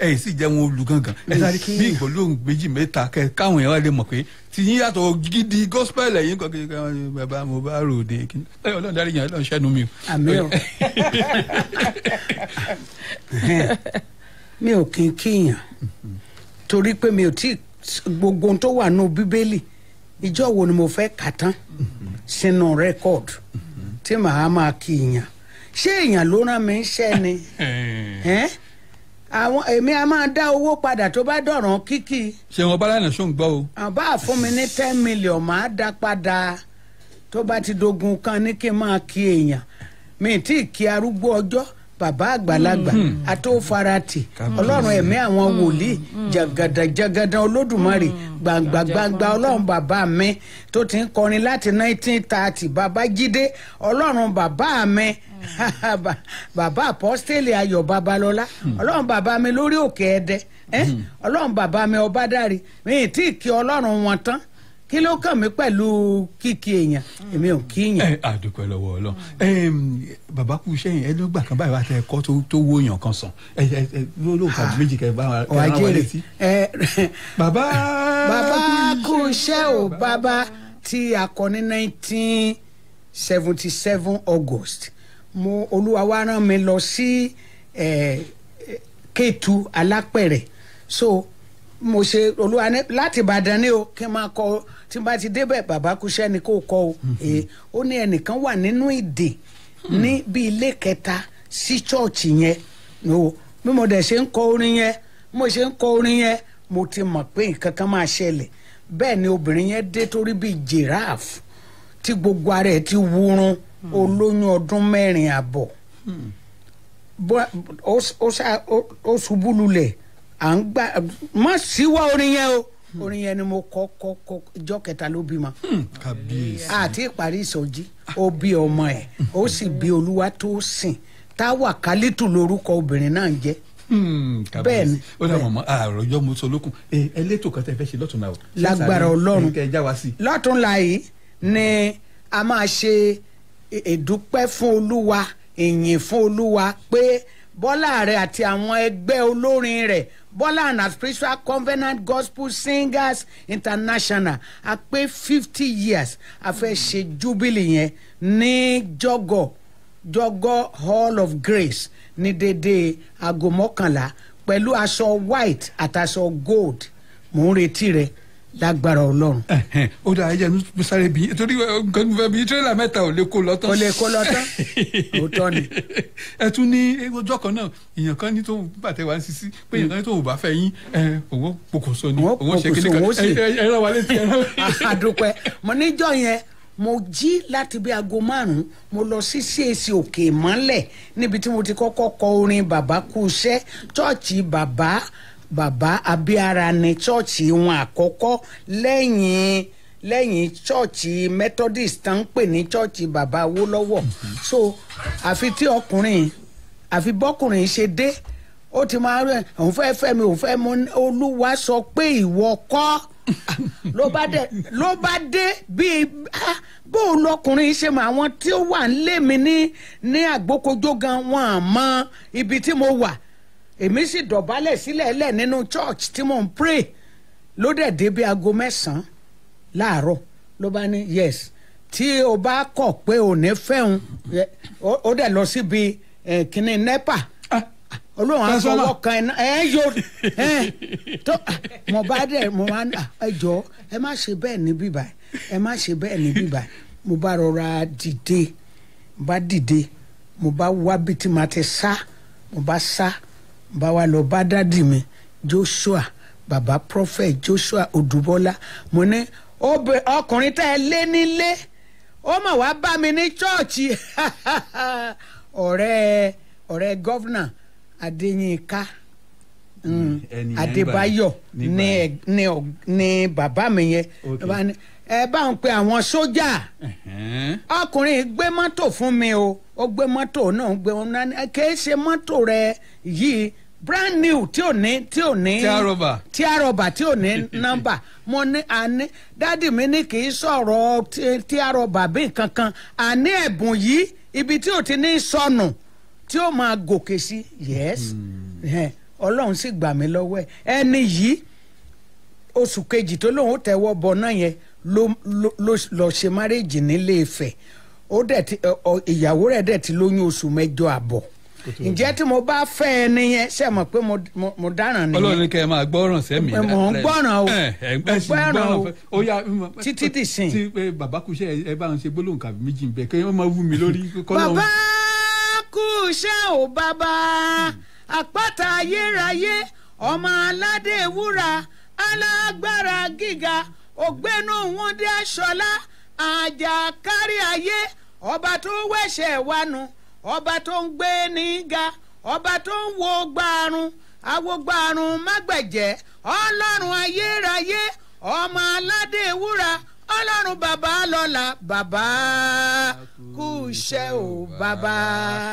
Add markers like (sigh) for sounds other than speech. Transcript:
ẹ sì jẹ́ wọn olùgangan ẹ sáré bí ìgbòlóhùn méjì mẹ́ta kẹ káwọn èèyàn lè mọ̀ pé ti yín yàtọ̀ gidi gospel ẹ̀yìn kan kí bàbá mo bá ròde kí ẹ ọlọ́run dárí yàn ọlọ́run ṣẹ́nu mi o. àmì o mi ò kí n kíyàn torí pé mi ò tí gbogbo ohun tó wà nù bíbélì ìjọ wo ni mo fẹ́ kà tán sínú rẹ́kọ̀dù tí màá máa kíyàn ṣé èèyàn ló rán mi ń ṣẹ́ ni. (laughs) àwọn èmi a máa dá owó padà tó bá dọ̀ràn kíkì. ṣé wọn bára náà ṣóun gbọ́ o. àbá fún mi ní ten million máa dá padà tó bá ti dogun kan ní kí n máa kí èèyàn mi tí ì kí arúgbó ọjọ́ bàbá àgbàlagbà hmm, hmm. àtòfarati ọlọ́run ẹ̀mí àwọn hmm, wòlíì jàgàdà jàgàdà olódùmarè gbangba gbangba ọlọ́run bàbá mi tó ti ń kọrin láti nineteen thirty bàbá jídé ọlọ́run bàbá mi (laughs) bàbá àpọ́stélì ayọ̀ babalọ́lá hmm. ọlọ́run bàbá mi lórí òkè ẹ̀dẹ hmm. ọlọ́run bàbá mi ọbádàrí mi ì tí ì kí ọlọ́run wọn tán kí ló kàn mí pẹ̀lú kíkí èèyàn èmi ò kí yàn. ẹ àdúpẹ́ lọ́wọ́ ọlọ́ bàbá kú iṣẹ́ yẹn ẹni ó gbà kan báyìí wá tẹ ẹ̀kọ́ tó wó yàn kan sàn ẹ ẹ lóòótọ́ àti méjì kẹ bá wọn létí. bàbá kú iṣẹ́ o bàbá tí a ní nineteen seventy seven August mo olúwa wa rán mi lọ sí Kétu Alápẹ̀rẹ̀ so mo ṣe olúwa ní láti Ìbàdàn ni o kí n máa kọ tí n bá ti débẹ̀ bàbá kúṣẹ́ ni kò kọ o mhm. ó ní ẹnìkan wà nínú ìdè ní mhm. bí ilé kẹta sí chọ́ọ̀chì yẹn o bí mo dẹ̀ ṣe ń kọ orin yẹn mo ṣe ń kọ orin yẹn mo ti mọ̀ pé nǹkan kan máa ṣẹlẹ̀ bẹ́ẹ̀ ni obìnrin yẹn dé torí bíi giraffe tí gbogbo ara ẹ̀ ti wúrun Hmm. olóyún ọdún mẹ́rin àbọ̀ hmm. ó ṣubú lulẹ̀ à ń gbà má síwá orin yẹn o hmm. orin yẹn ni mo kọ́ kọ́ kọ́ ìjọ kẹta ló bímọ àti ìparí ìsọjí ó bí ọmọ ẹ̀ ó sì bí olúwa tó sìn táwa kálítù lórúkọ obìnrin náà ń jẹ́ bẹ́ẹ̀ ni ó dà mọ̀mọ́ àròjọ́ mo sọ lókun ẹ kan tẹ́ fẹ́ ṣe lọ́tún náà o. lágbára ọlọ́run lọ́tún láyé ni a máa ṣe ìdúpẹ́ fún olúwa ìyìn fún olúwa pé Bọ́lá Ààrẹ àti àwọn ẹgbẹ́ olórin rẹ̀ Bọ́lá and spiritual covenant gospel singers international a pé fifty years a fẹ́ ṣe jubilee yẹn ní jọ́gọ̀ jọ́gọ̀ hall of grace ní dédé aago mọ́kànlá pẹ̀lú aṣọ white àtàṣọ gold mò ń retí rẹ̀ lágbára Ọlọ́run. ó dà ẹjẹ mi sáré bí torí nǹkan mi fẹ́ bí tírélà mẹ́ta ò lè kó lọ tán. kò lè kó lọ tán (laughs) òótọ́ ni. ẹ tún ní ọjọ́ kan náà èèyàn kan ní tóun bàtẹ́ wá ń sisi pé èèyàn kan ní tóun bá fẹ́ yín owó pokòso ni owó ṣe kíni kan ẹ rán wa létí ẹ rán wa. àdùpẹ́ mo níjọ́ yẹn mo jí láti bí aago márùn-ún mo lọ sí CAC òkè ìmọ́lẹ̀ níbi tí mo ti kọ́kọ́ kọ orin bàbá kú iṣẹ́ chọ́ọ̀chì baba abíára ní chọ́ọ̀chì wọn àkọ́kọ́ lẹ́yìn lẹ́yìn chọ́ọ̀chì methodist tá ń pè ní chọ́ọ̀chì bàbá awólọ́wọ̀ so àfi tí ọkùnrin àfi bọ́kùnrin ṣe dé ó ti máa rẹ òun fẹ́ fẹ́ mi òun fẹ́ mọ olúwa sọ pé ìwọ kọ́ (laughs) ló bá dé ló bá dé bíi ah, bóun lọkùnrin ṣe mọ àwọn tí ó wà ń lé mi ní ní àgbókojó gan wọn àmọ́ ibi tí mo wà èmi sì dọ̀bálẹ̀ sílẹ̀ ẹlẹ̀ nínú church tí mò ń pray ló dẹ̀ dé bí aago mẹ́sàn-án láàárọ̀ ló bá ní yes tí o bá kọ̀ pé o ní fẹ́hun ó dẹ̀ lọ síbi kínní nepa olóhùn ah, afọwọ́ kan ẹ ẹ yóò ẹ tó ah, mo bá dẹ̀ mo máa ń ah, ẹ jọ ẹ má ṣe bẹ́ẹ̀ níbí báyìí ẹ má ṣe bẹ́ẹ̀ níbí báyìí mo bá rọra dìde bá dìde mo bá wá tí màá ti sá mo bá sá bá wa lọ bá dádì mi Joshua Baba prophet Joshua Odubola mo ní ọkùnrin tá ẹ lé nílé ó mà wá bá mi ní chọ́ọ̀chì (laughs) ọ̀rẹ́ ọ̀rẹ́ gọ́vnà Adéyínká mm, Adébáyọ̀ ní bàbá mi yẹn ẹ bá ń pe àwọn sójà ọkùnrin gbé mọ́tò fún mi o ó gbé mọ́tò náà gbé wọn náà kì í ṣe mọ́tò rẹ yìí brand new tí ò ní tí ò ní tí a rọba tí ò ní (laughs) nọ́mbà mo ní àní dádì mi ní kì í sọ̀rọ̀ tí a rọba bí kankan àní ẹ̀bùn yìí ibi tí ò ti ní sọnù tí ó máa gòkè sí yes hmm. ọlọ́run sì gbà mí lọ́wọ́ ẹ̀ ẹni yìí oṣù kejì tó lóun ó tẹ́wọ́ bọ náà yẹn ló lọ ṣe márèjì nílé Ifẹ̀ ìyàwó rẹ̀ dẹ̀ ti lóyún oṣù mẹ́jọ àbọ̀ ǹjẹ́ tí mo bá fẹ́ ẹ nìyẹn ṣe mọ̀ pé mo dáràn nìyẹn. ọlọ́run kẹ́ ẹ máa gbọ́ràn sẹ́mi. mò ń gbọ́ràn o mò ń gbọ́ràn o títí dì sin. tí bàbá kúṣẹ́ ẹ bá ń ṣe gbólóhùn méjì ń bẹ kí wọ́n máa wú mi lórí. bàbá kúṣẹ́ ò bàbá àpáta ayérayé ọmọ aládé wúrà alágbára gíga ògbénu wọn dé aṣọlá àjàkárí ayé ọba tó wẹ̀ṣẹ̀ wánu. ọba tó ń gbé ní ga ọba tó ń wo gbàrún awogbarun mágbẹ̀jẹ́ ọlọ́run ayérayé ọmọ aládé wúrà ọlọ́run bàbá lọ́la bàbá kú iṣẹ́ o bàbá.